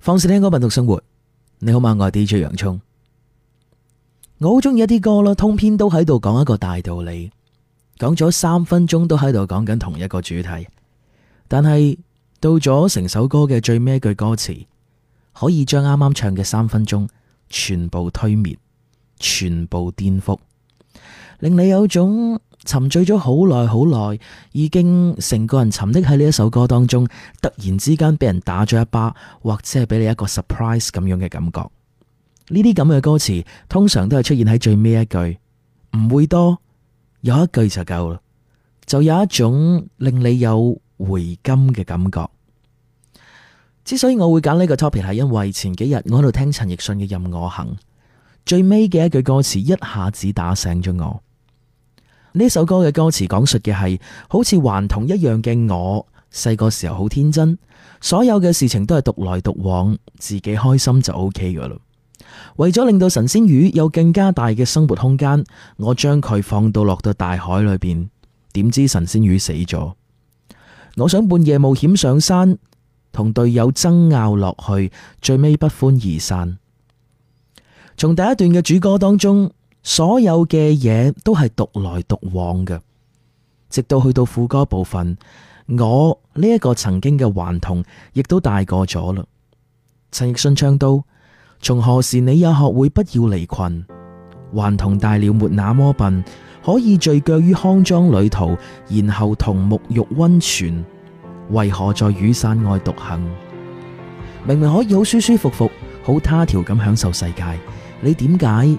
放肆聽歌，品讀生活，你好嗎？我係 DJ 洋葱，我好鍾意一啲歌囉。通篇都喺度講一個大道理，講咗三分鐘都喺度講緊同一個主題，但係到咗成首歌嘅最尾一句歌詞，可以將啱啱唱嘅三分鐘全部推滅，全部顛覆，令你有種，沉醉咗好耐，好耐，已經成個人沉溺喺呢一首歌當中。突然之間俾人打咗一巴，或者係俾你一個 surprise 咁樣嘅感覺。呢啲咁嘅歌詞通常都係出現喺最尾一句，唔會多，有一句就夠啦，就有一種令你有回甘嘅感覺。之所以我會揀呢個 topic，係因為前幾日我喺度聽陳奕迅嘅《任我行》，最尾嘅一句歌詞一下子打醒咗我。呢首歌嘅歌詞講述嘅係好似頑童一樣嘅我，細個時候好天真，所有嘅事情都係獨來獨往，自己開心就 OK 㗎啦。為咗令到神仙魚有更加大嘅生活空間，我將佢放到落到大海裏邊，點知神仙魚死咗。我想半夜冒險上山，同隊友爭拗落去，最尾不歡而散。從第一段嘅主歌當中。所有嘅嘢都係獨來獨往嘅，直到去到副歌部分，我呢一、這個曾經嘅頑童，亦都大過咗啦。陳奕迅唱到：從何時你也學會不要離群？頑童大了，沒那麼笨，可以聚腳於康莊旅途，然後同沐浴溫泉。為何在雨傘外獨行？明明可以好舒舒服服，好他條咁享受世界，你點解？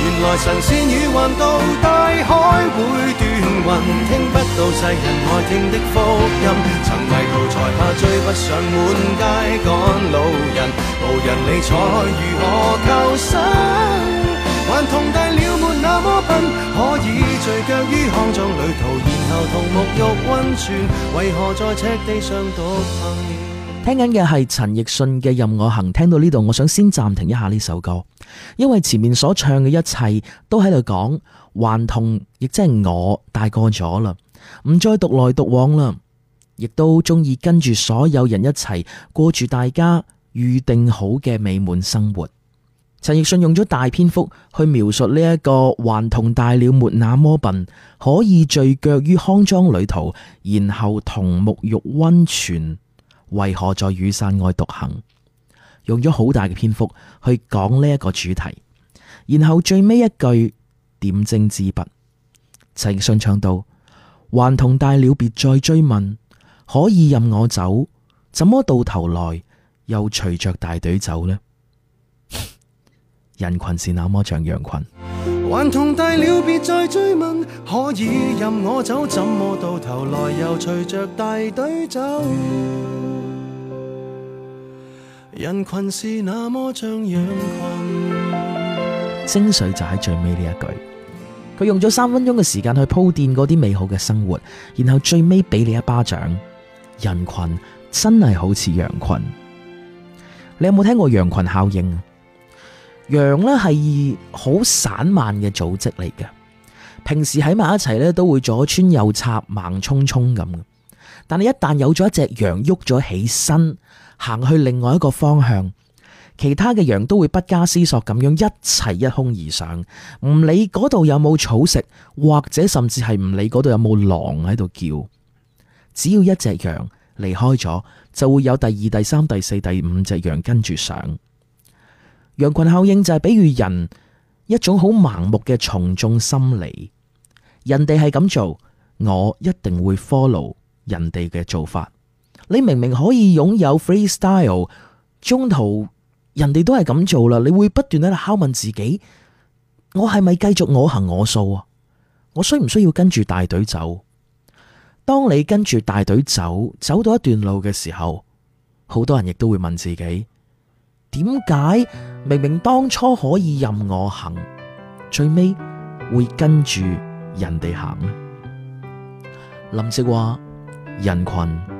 原來神仙魚橫渡，大海會斷魂，聽不到世人愛聽的福音。曾迷途才怕追不上滿街趕路人，無人理睬如何求生？還同大了沒那麼笨，可以聚腳於康莊旅途，然後同沐浴温泉，為何在赤地上獨行？聽緊嘅係陳奕迅嘅任我行，聽到呢度，我想先暫停一下呢首歌。因為前面所唱嘅一切都喺度講，頑童亦即係我大個咗啦，唔再獨來獨往啦，亦都中意跟住所有人一齊過住大家預定好嘅美滿生活。陳奕迅用咗大篇幅去描述呢、這、一個頑童大了沒那麼笨，可以聚腳於康莊旅途，然後同沐浴溫泉，為何在雨傘外獨行？用咗好大嘅篇幅去講呢一個主題，然後最尾一句點睛之筆，陳奕迅唱到：頑童大了別再追問，可以任我走，怎麼到頭來又隨着大隊走呢？ 人群是那麼像羊群，頑童大了別再追問，可以任我走，怎麼到頭來又隨着大隊走？人群是那麼像羊群，精髓就喺最尾呢一句。佢用咗三分鐘嘅時間去鋪墊嗰啲美好嘅生活，然後最尾俾你一巴掌。人群真係好似羊群，你有冇聽過羊群效應啊？羊咧係好散漫嘅組織嚟嘅，平時喺埋一齊咧都會左穿右插，盲衝衝咁。但係一旦有咗一隻羊喐咗起身。行去另外一個方向，其他嘅羊都會不加思索咁樣一齊一哄而上，唔理嗰度有冇草食，或者甚至係唔理嗰度有冇狼喺度叫。只要一隻羊離開咗，就會有第二、第三、第四、第五隻羊跟住上。羊群效應就係比喻人一種好盲目嘅從眾心理，人哋係咁做，我一定會 follow 人哋嘅做法。你明明可以擁有 freestyle，中途人哋都係咁做啦，你會不斷喺度敲問自己：我係咪繼續我行我素啊？我需唔需要跟住大隊走？當你跟住大隊走，走到一段路嘅時候，好多人亦都會問自己：點解明明當初可以任我行，最尾會跟住人哋行呢？林夕話：人群。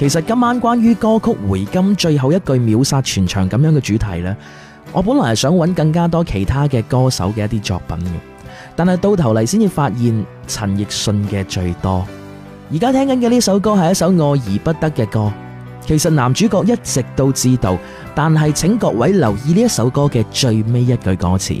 其實今晚關於歌曲《回甘》最後一句秒殺全場咁樣嘅主題呢，我本來係想揾更加多其他嘅歌手嘅一啲作品嘅，但係到頭嚟先至發現陳奕迅嘅最多。而家聽緊嘅呢首歌係一首愛而不得嘅歌。其實男主角一直都知道，但係請各位留意呢一首歌嘅最尾一句歌詞。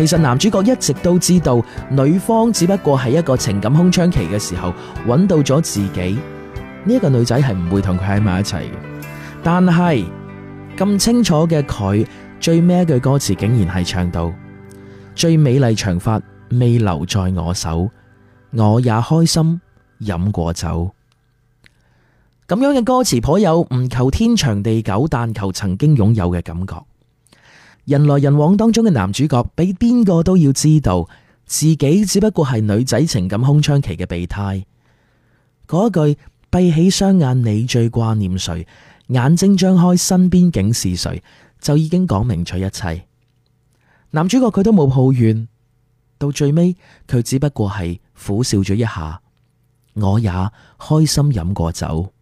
其實男主角一直都知道，女方只不過係一個情感空窗期嘅時候，揾到咗自己呢一個女仔係唔會同佢喺埋一齊嘅。但係咁清楚嘅佢，最尾一句歌詞竟然係唱到最美麗長髮未留在我手，我也開心飲過酒。咁樣嘅歌詞頗有唔求天長地久，但求曾經擁有嘅感覺。人來人往當中嘅男主角，比邊個都要知道自己只不過係女仔情感空窗期嘅備胎。嗰句閉起雙眼你最掛念誰，眼睛張開身邊竟是誰，就已經講明咗一切。男主角佢都冇抱怨，到最尾佢只不過係苦笑咗一下。我也開心飲過酒，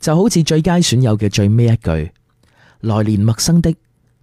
就好似最佳損友嘅最尾一句：來年陌生的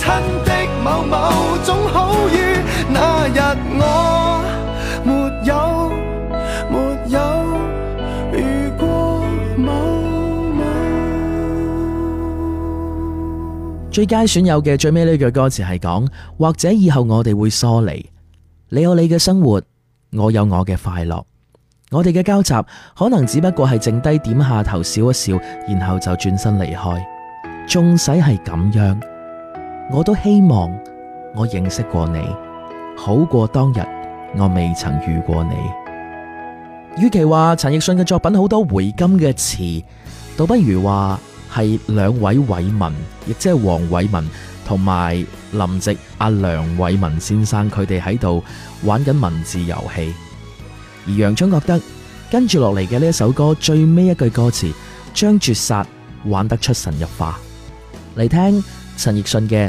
親的某，某種好意，那日我沒有。沒有遇過某某。最佳損友嘅最尾呢句歌詞係講，或者以後我哋會疏離，你有你嘅生活，我有我嘅快樂，我哋嘅交集可能只不過係剩低點下頭笑一笑，然後就轉身離開。縱使係咁樣。我都希望我認識過你，好過當日我未曾遇過你。與其話陳奕迅嘅作品好多回甘嘅詞，倒不如話係兩位偉文，亦即係黃偉文同埋林夕阿梁偉文先生佢哋喺度玩緊文字遊戲。而楊聰覺得跟住落嚟嘅呢一首歌最尾一句歌詞將絕殺玩得出神入化。嚟聽陳奕迅嘅。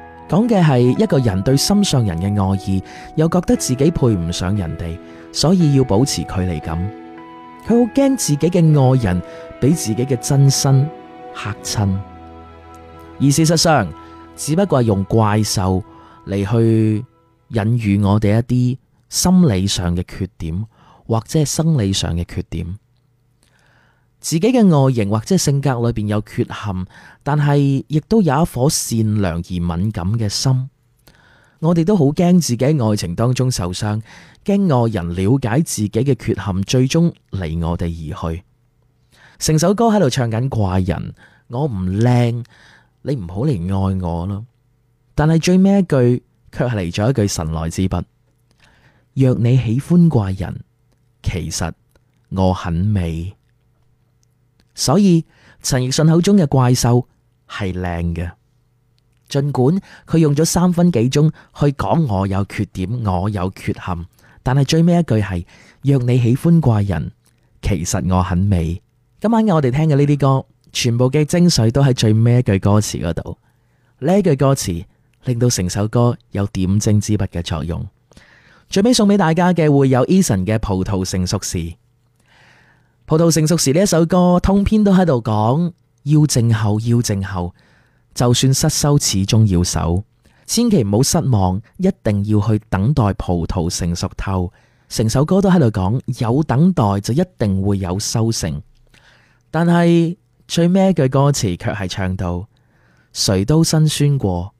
講嘅係一個人對心上人嘅愛意，又覺得自己配唔上人哋，所以要保持距離感。佢好驚自己嘅愛人俾自己嘅真心吓親，而事實上只不過係用怪獸嚟去引喻我哋一啲心理上嘅缺點，或者生理上嘅缺點。自己嘅外形或者性格裏邊有缺陷，但係亦都有一顆善良而敏感嘅心。我哋都好驚自己喺愛情當中受傷，驚愛人了解自己嘅缺陷，最終離我哋而去。成首歌喺度唱緊怪人，我唔靚，你唔好嚟愛我咯。但係最尾一句卻係嚟咗一句神來之筆，若你喜歡怪人，其實我很美。所以陳奕迅口中嘅怪獸係靚嘅，盡管佢用咗三分幾鐘去講我有缺點，我有缺陷，但係最尾一句係若你喜歡怪人，其實我很美。今晚我哋聽嘅呢啲歌，全部嘅精髓都喺最尾一句歌詞嗰度。呢句歌詞令到成首歌有點睛之筆嘅作用。最尾送俾大家嘅會有 Eason 嘅葡萄成熟時。葡萄成熟時，呢一首歌通篇都喺度講要靜候，要靜候，就算失收，始終要守。千祈唔好失望，一定要去等待葡萄成熟透。成首歌都喺度講有等待就一定會有收成。但係最尾一句歌詞卻係唱到誰都辛酸過，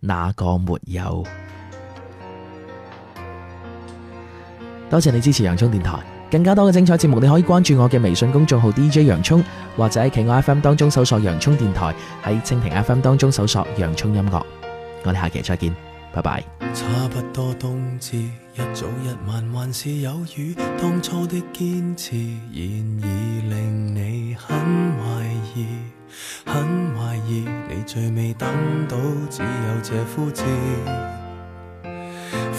哪個沒有？多謝你支持洋蔥電台。更加多嘅精彩節目，你可以關注我嘅微信公眾號 dj 洋蔥，或者喺其他 fm 當中搜索洋葱電台，喺蜻蜓 fm 當中搜索洋葱音樂。我哋下期再見拜拜。差不多冬至，一早一晚還是有雨，當初的堅持然而令你很懷疑，很懷疑，你最尾等到只有這枯枝